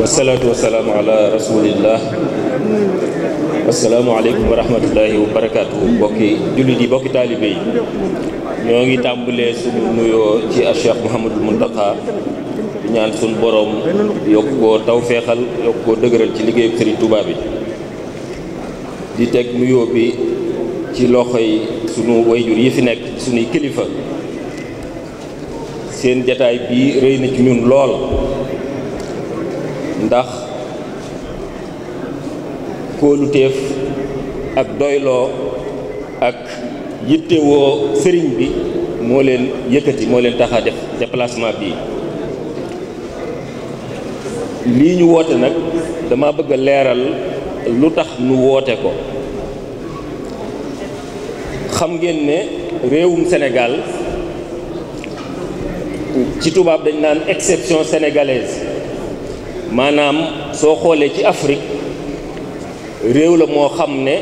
wasalaatu wasalaamu ala rasulillah asalaamualeykum wa rahmatullahi wa barakaatu bokki jullit yi bokki taalibe yi ñoo ngi tàmbalee suñu nuyoo ci a Cheikh Mouhamadul Muntaqa ñaan suñu boroom yokk koo tawféexal yokk koo dëgëral ci liggéeyu Sëriñ Tuubaa bi di teg nuyoo bi ci loxoy sunu wayjur yi fi nekk suñuy kilifa seen jataay bi rëy na ci ñun lool ndax kóoluteef ak doyloo ak yittewoo sëriñ bi moo leen yëkkati moo leen tax a def déplacement bi lii ñu woote nag dama bëgg a leeral lu tax nu woote ko xam ngeen ne réewum Sénégal ci tubaab dañ naan exception sénégalaise maanaam soo xoolee ci Afrique réew la moo xam ne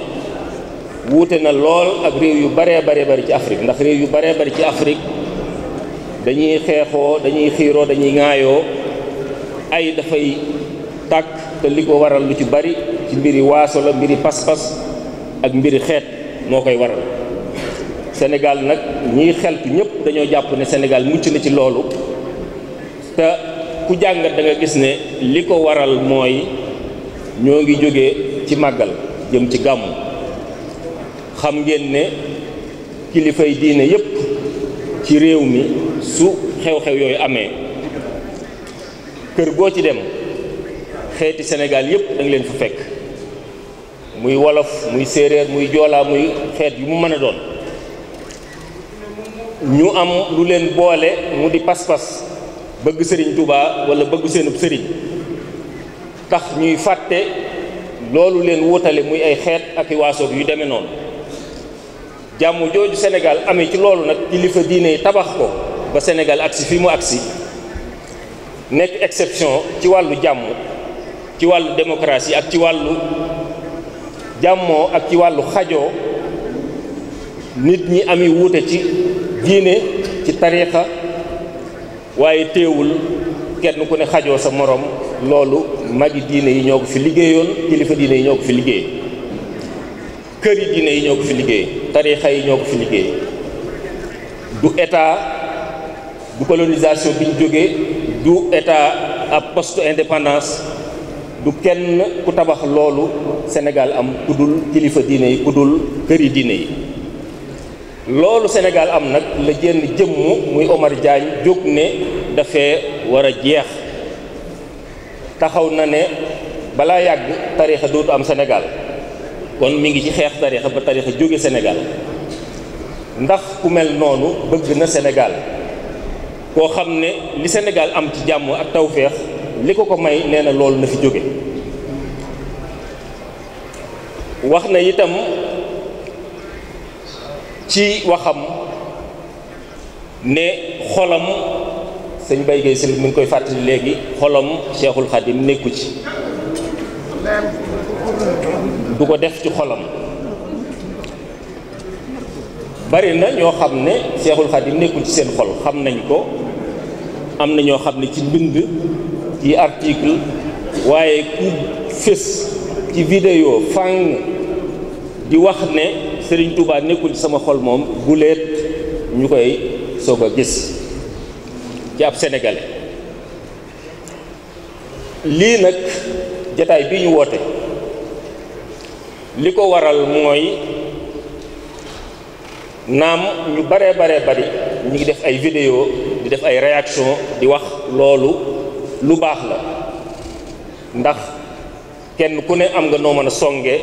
wuute na lool ak réew yu baree baree bari ci Afrique ndax réew yu baree bari ci Afrique dañuy xeexoo dañuy xiiroo dañuy ŋaayoo ay dafay tàkk te li ko waral lu ci bari ci mbiri waaso la mbiri pas-pas ak mbiri xeet moo koy waral Sénégal nag ñiy xeltu ñëpp dañoo jàpp ne Sénégal mucc na ci loolu te ku jàngat danga gis ne li ko waral mooy ñoo ngi jóge ci màggal jëm ci gàmmu xam ngeen ne kilifay diine yépp ci réew mi su xew-xew yooyu amee kër goo ci dem xeeti senegal yépp da leen fu fekk muy wolof muy séeréer muy joolaa muy xeet yu mu mën a doon ñu am lu leen boole mu di pas-pas bëgg sëriñ Touba wala bëgg seenub sëriñ tax ñuy fàtte loolu leen wutale muy ay xeet ak i waasoog yu demee noonu jàmm jooju senegal amee ci loolu nag kilifa diine yi tabax ko ba Sénégal agsi fi mu agsi nekk exception ci wàllu jàmm ci wàllu démocratie ak ci wàllu jàmmoo ak ci wàllu xajoo nit ñi ami wuute ci diine ci tariixa waaye téewul kenn ku ne xajoo sa moroom loolu magi diine yi ñoo ko fi liggéeyoon kilifa diine yi ñoo ko fi liggéey këri diine yi ñoo ko fi liggéey tarixa yi ñoo ko fi liggéey du état du colonisation bi ñu jógee du état ab poste indépendance du kenn ku tabax loolu Sénégal am ku dul kilifa diine yi ku dul këri diine yi loolu Sénégal am nag la jenn jëmm muy Omar Diagne jóg ne dafee war a jeex taxaw na ne balaa yàgg tarixa dootu am Sénégal kon mu ngi ci xeex tarixa ba tarixa jóge Sénégal ndax ku mel noonu bëgg na Sénégal koo xam ne li Sénégal am ci jàmm ak tawféex li ko ko may nee na loolu na fi jóge wax na itam ci waxam ne xolam sëñ Baye Gueye Sylla mi ngi koy fàttali léegi xolam Cheikhul Khadim nekku ci du ko def ci xolam bari na ñoo xam ne Cheikhul Khadim nekkul ci seen xol xam nañ ko am na ñoo xam ne ci bind ci article waaye ku fés ci vidéo fang di wax ne sëriñ tuubaa nekkul ci sama xol moom bu ñu koy soog a gis ci ab sénégalais lii nag jataay bii ñu woote li ko waral mooy naam ñu baree baree bari ñu ngi def ay vidéo di def ay réaction di wax loolu lu baax la ndax kenn ku ne am nga noo mën a songe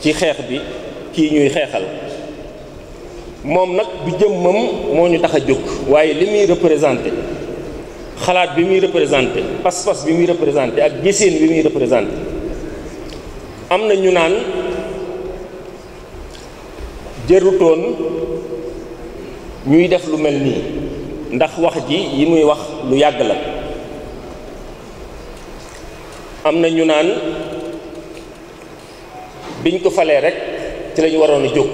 ci xeex bi kii ñuy xeexal moom nag du jëmmam moo ñu tax a jóg waaye li muy représenté xalaat bi muy représenté pas-pas bi muy représenté ak gisin bi muy représenté am na ñu naan jërutoon ñuy def lu mel nii ndax wax ji yi muy wax lu yàgg la am na ñu naan biñ ko falee rek ci la waroon a jóg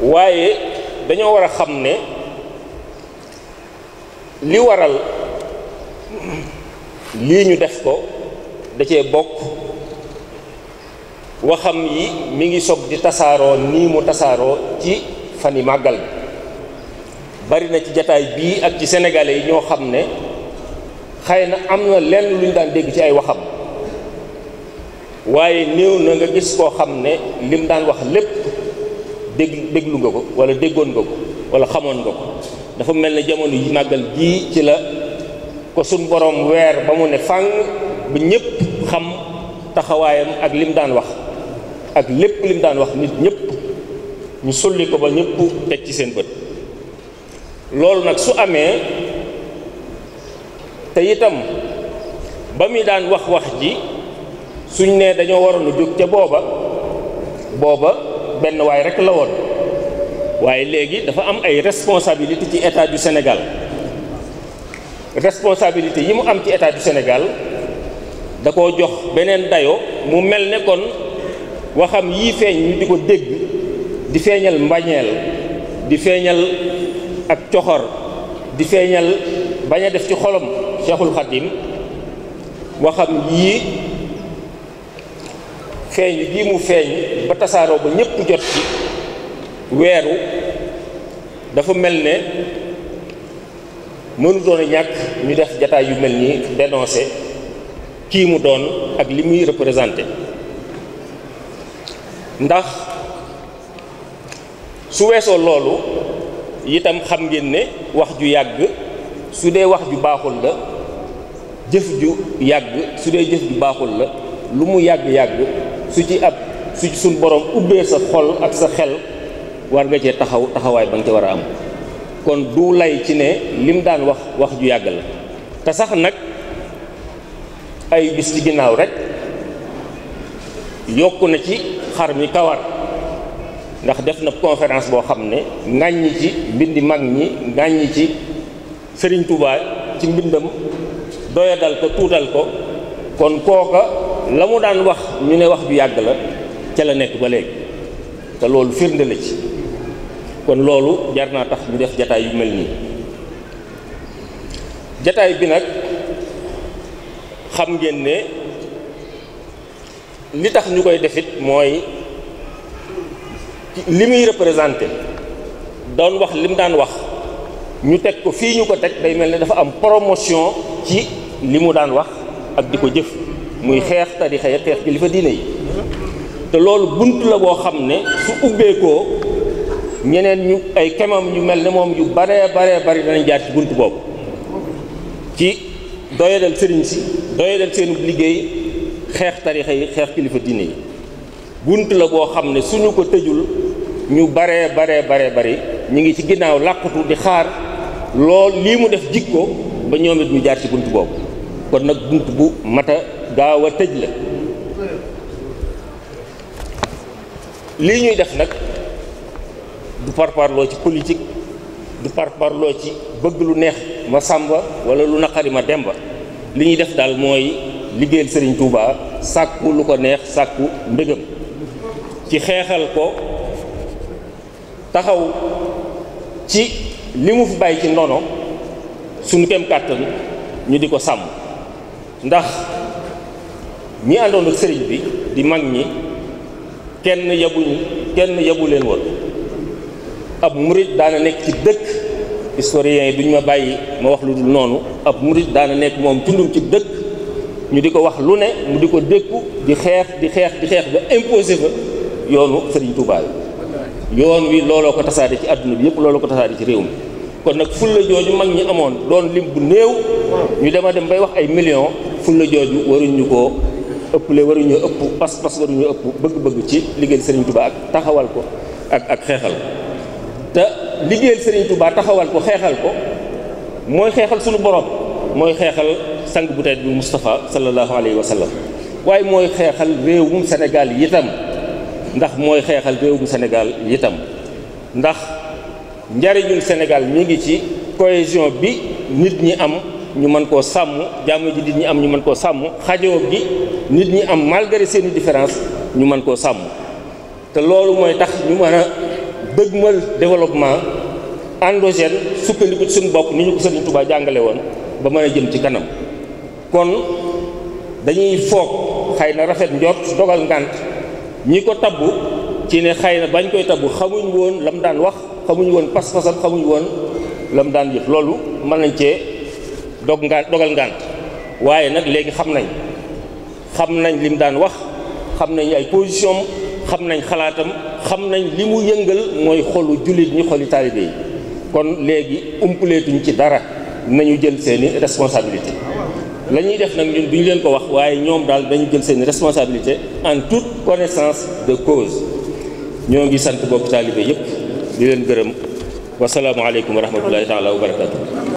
waaye dañoo war a xam ne li waral lii ñu def ko da bokk waxam yi mi ngi soog di tasaaroo nii mu tasaaroo ci fan yi màggal bari na ci jataay bii ak ci senegale yi ñoo xam ne xëy na am na lenn lu daan dégg ci ay waxam waaye néew na nga gis koo xam ne lim daan wax lépp dégg déglu nga ko wala déggoon nga ko wala xamoon nga ko dafa mel ne jamono yi màggal gii ci la ko suñ borom weer ba mu ne fàng bi ñépp xam taxawaayam ak li mu daan wax ak lépp lim daan wax nit ñëpp ñu sulli ko ba ñëpp teg ci seen bët loolu nag su amee te itam ba muy daan wax wax ji suñ nee dañoo waroon a jóg ca booba booba benn waay rekk la woon waaye léegi dafa am ay responsabilité ci état du Sénégal responsabilité yi mu am ci état du Sénégal da koo jox beneen dayo mu mel ne kon waxam yii feeñ ñu di ko dégg di feeñal mbañeel di feeñal ak coxor di feeñal bañ a def ci xolom Cheikhul Khadim waxam yii feeñ gii mu feeñ ba tasaaroo ba ñëpp jot ci weeru dafa mel ne mënu doon a ñàkk ñu def jataay yu mel nii dénoncé kii mu doon ak li muy représenté ndax su weesoo loolu itam xam ngeen ne wax ju yàgg su dee wax ju baaxul la jëf ju yàgg su dee jëf ju baaxul la lu mu yàgg-yàgg su ci ab su ci suñ borom ubbee sa xol ak sa xel war nga cee taxaw taxawaay ba nga ca war a am kon du lay ci ne lim daan wax wax ju yàgg la te sax nag ay gis ci ginnaaw rek yokk na ci xar mi kawar ndax def na conférence boo xam ne ŋàññi ci mbindi mag ñi ŋàññi ci Sëriñ Tuubaa ci mbindam doyadal ko tuutal ko kon kooka la mu daan wax ñu ne wax ju yàgg la ca la nekk ba léegi te loolu firnde la ci kon loolu jar naa tax ñu def jataay yu mel nii jataay bi nag xam ngeen ne li tax ñu koy defit mooy li muy représenté doon wax li mu daan wax ñu teg ko fii ñu ko teg day mel ne dafa am promotion ci li mu daan wax ak di ko jëf muy xeex tarixa ya xeex kilifa diine yi te loolu bunt la boo xam ne su ubbeekoo ñeneen ñu ay kemam ñu mel ne moom yu baree baree bari danañ jaar ci bunt boobu ci doyadal sëriñ si doyadal seen liggéey xeex tarixa yi xeex kilifa diine yi bunt la boo xam ne suñu ko tëjul ñu baree baree baree bari ñu ngi ci ginnaaw làqatu di xaar lool lii mu def jikko ba ñoom it ñu jaar ci bunt boobu kon nag bunt bu mata gaaw a tëj la lii ñuy def nag du parparloo ci politique du parparloo ci bëgg lu neex ma sàmba wala lu naqari ma demba li ñuy def daal mooy liggéeyal sëriñ Touba sàkku lu ko neex sàkku mbégam ci xeexal ko taxaw ci li mu fi bàyyi ci ndono suñu kem kàttan ñu di ko sàmm ndax ñi àndoon ak sëriñ bi di mag ñi kenn yabuñu kenn yabu leen woon ab murit daana nekk ci dëkk historien yi duñ ma bàyyi ma wax lu dul noonu ab murit daana nekk moom tundum ci dëkk ñu di ko wax lu ne mu di ko dékku di xeex di xeex di xeex ba imposé fa yoonu sëriñ Touba yoon wi looloo ko tasaare ci àdduna bi yëpp looloo ko tasaare ci réew mi kon nag fulla jooju mag ñi amoon doon lim bu néew ñu dema dem bay wax ay millions fulla jooju waruñ ñu koo ëppale waruñoo ëpp pas-pas waruñoo ëpp bëgg-bëgg ci liggéeyal Serigne Touba ak taxawal ko ak ak xeexal te liggéeyal Serigne Touba taxawal ko xeexal ko mooy xeexal sunu borom mooy xeexal sang bu bi mustafa sallallahu alayhi wa waaye mooy xeexal réewum Sénégal yitam ndax mooy xeexal réewum Sénégal yitam ndax njariñul Sénégal mi ngi ci cohésion bi nit ñi am. ñu mën koo sàmm jaamu ji nit ñi am ñu mën koo sàmm xajoo gi nit ñi am malgré seeni différence ñu mën koo sàmm te loolu mooy tax ñu mën a dëgmal développement endogène sukkandiku ci suñu bopp ni ñu ko Sëriñ Tuubaa jàngale woon ba mën a jëm ci kanam kon dañuy foog xëy na rafet njort dogal ngànt ñi ko tabbu ci ne xëy na bañ koy tabbu xamuñ woon la mu daan wax xamuñ woon pas-pasam xamuñ woon lam daan yëf loolu mën nañ cee dog ngaan dogal ngànt waaye nag léegi xam nañ xam nañ li daan wax xam nañ ay position xam nañ xalaatam xam nañ li mu yëngal mooy xolu jullit ñi xoli taalibe yi kon léegi umpuleetuñ ci dara nañu jël seeni responsabilité lañuy def nag ñun duñu leen ko wax waaye ñoom daal dañu jël seeni responsabilité en tout connaissance de cause ñoo ngi sant bokk taalibe yëpp di leen gërëm wasalaamualeykum wa rahmatullahi taala wa barakatu